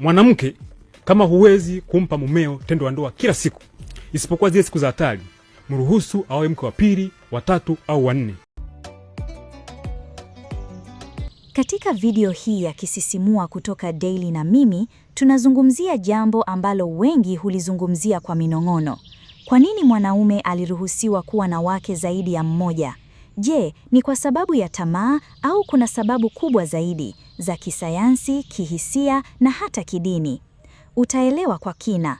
Mwanamke kama huwezi kumpa mumeo tendo la ndoa kila siku, isipokuwa zile siku za hatari, mruhusu awe mke wa pili, wa tatu au wa nne. Katika video hii ya kisisimua kutoka Daily na Mimi, tunazungumzia jambo ambalo wengi hulizungumzia kwa minong'ono. Kwa nini mwanaume aliruhusiwa kuwa na wake zaidi ya mmoja? Je, ni kwa sababu ya tamaa au kuna sababu kubwa zaidi za kisayansi, kihisia na hata kidini? Utaelewa kwa kina.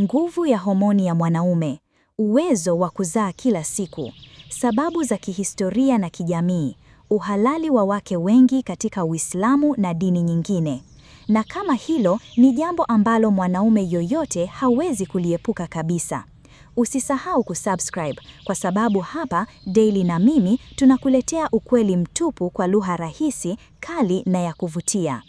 Nguvu ya homoni ya mwanaume, uwezo wa kuzaa kila siku, sababu za kihistoria na kijamii, uhalali wa wake wengi katika Uislamu na dini nyingine. Na kama hilo ni jambo ambalo mwanaume yoyote hawezi kuliepuka kabisa. Usisahau kusubscribe kwa sababu hapa Daily na mimi tunakuletea ukweli mtupu kwa lugha rahisi, kali na ya kuvutia.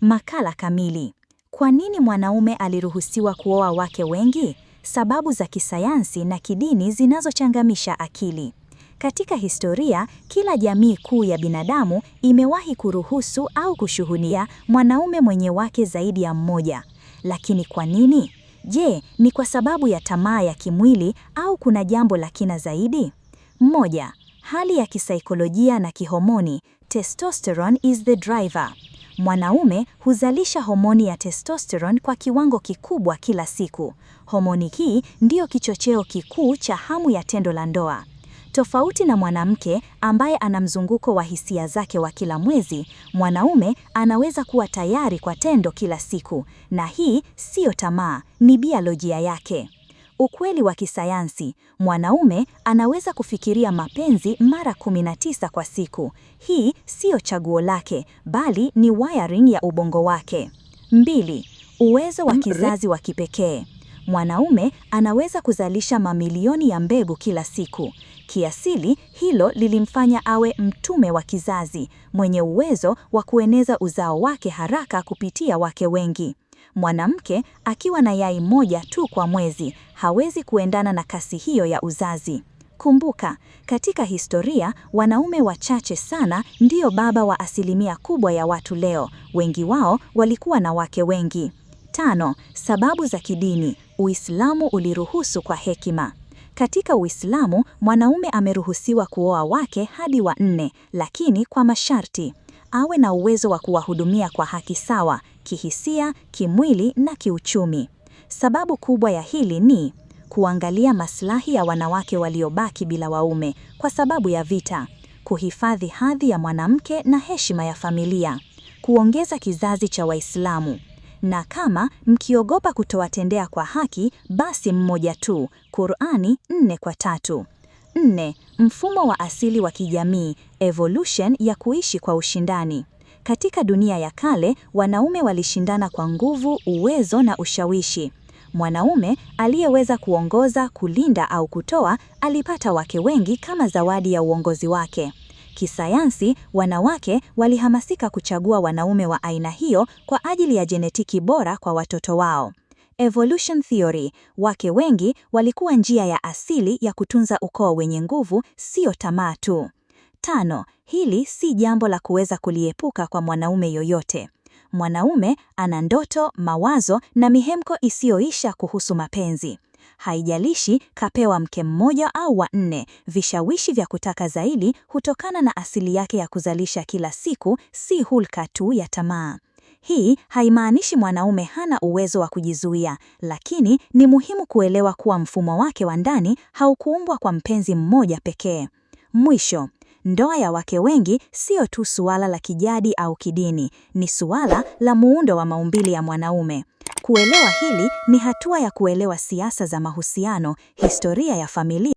Makala kamili. Kwa nini mwanaume aliruhusiwa kuoa wake wengi? Sababu za kisayansi na kidini zinazochangamisha akili. Katika historia, kila jamii kuu ya binadamu imewahi kuruhusu au kushuhudia mwanaume mwenye wake zaidi ya mmoja. Lakini kwa nini? Je, ni kwa sababu ya tamaa ya kimwili au kuna jambo la kina zaidi? Moja, hali ya kisaikolojia na kihomoni, testosterone is the driver. Mwanaume huzalisha homoni ya testosterone kwa kiwango kikubwa kila siku. Homoni hii ndiyo kichocheo kikuu cha hamu ya tendo la ndoa. Tofauti na mwanamke ambaye ana mzunguko wa hisia zake wa kila mwezi, mwanaume anaweza kuwa tayari kwa tendo kila siku, na hii siyo tamaa, ni biolojia yake. Ukweli wa kisayansi, mwanaume anaweza kufikiria mapenzi mara 19 kwa siku. Hii siyo chaguo lake, bali ni wiring ya ubongo wake. Mbili, uwezo wa kizazi wa kipekee. Mwanaume anaweza kuzalisha mamilioni ya mbegu kila siku. Kiasili hilo lilimfanya awe mtume wa kizazi, mwenye uwezo wa kueneza uzao wake haraka kupitia wake wengi. Mwanamke akiwa na yai moja tu kwa mwezi hawezi kuendana na kasi hiyo ya uzazi. Kumbuka, katika historia wanaume wachache sana ndio baba wa asilimia kubwa ya watu leo. Wengi wao walikuwa na wake wengi. Tano, sababu za kidini. Uislamu uliruhusu kwa hekima. Katika Uislamu mwanaume ameruhusiwa kuoa wake hadi wa nne, lakini kwa masharti: awe na uwezo wa kuwahudumia kwa haki sawa, kihisia, kimwili na kiuchumi. Sababu kubwa ya hili ni kuangalia maslahi ya wanawake waliobaki bila waume kwa sababu ya vita, kuhifadhi hadhi ya mwanamke na heshima ya familia, kuongeza kizazi cha Waislamu na kama mkiogopa kutowatendea kwa haki, basi mmoja tu. Qur'ani nne kwa tatu. Nne, mfumo wa asili wa kijamii evolution ya kuishi kwa ushindani. Katika dunia ya kale, wanaume walishindana kwa nguvu, uwezo na ushawishi. Mwanaume aliyeweza kuongoza, kulinda au kutoa alipata wake wengi kama zawadi ya uongozi wake. Kisayansi, wanawake walihamasika kuchagua wanaume wa aina hiyo kwa ajili ya jenetiki bora kwa watoto wao. Evolution theory, wake wengi walikuwa njia ya asili ya kutunza ukoo wenye nguvu, sio tamaa tu. Tano, hili si jambo la kuweza kuliepuka kwa mwanaume yoyote. Mwanaume ana ndoto, mawazo na mihemko isiyoisha kuhusu mapenzi. Haijalishi kapewa mke mmoja au wa nne, vishawishi vya kutaka zaidi hutokana na asili yake ya kuzalisha kila siku, si hulka tu ya tamaa. Hii haimaanishi mwanaume hana uwezo wa kujizuia, lakini ni muhimu kuelewa kuwa mfumo wake wa ndani haukuumbwa kwa mpenzi mmoja pekee. Mwisho, ndoa ya wake wengi sio tu suala la kijadi au kidini, ni suala la muundo wa maumbili ya mwanaume. Kuelewa hili ni hatua ya kuelewa siasa za mahusiano, historia ya familia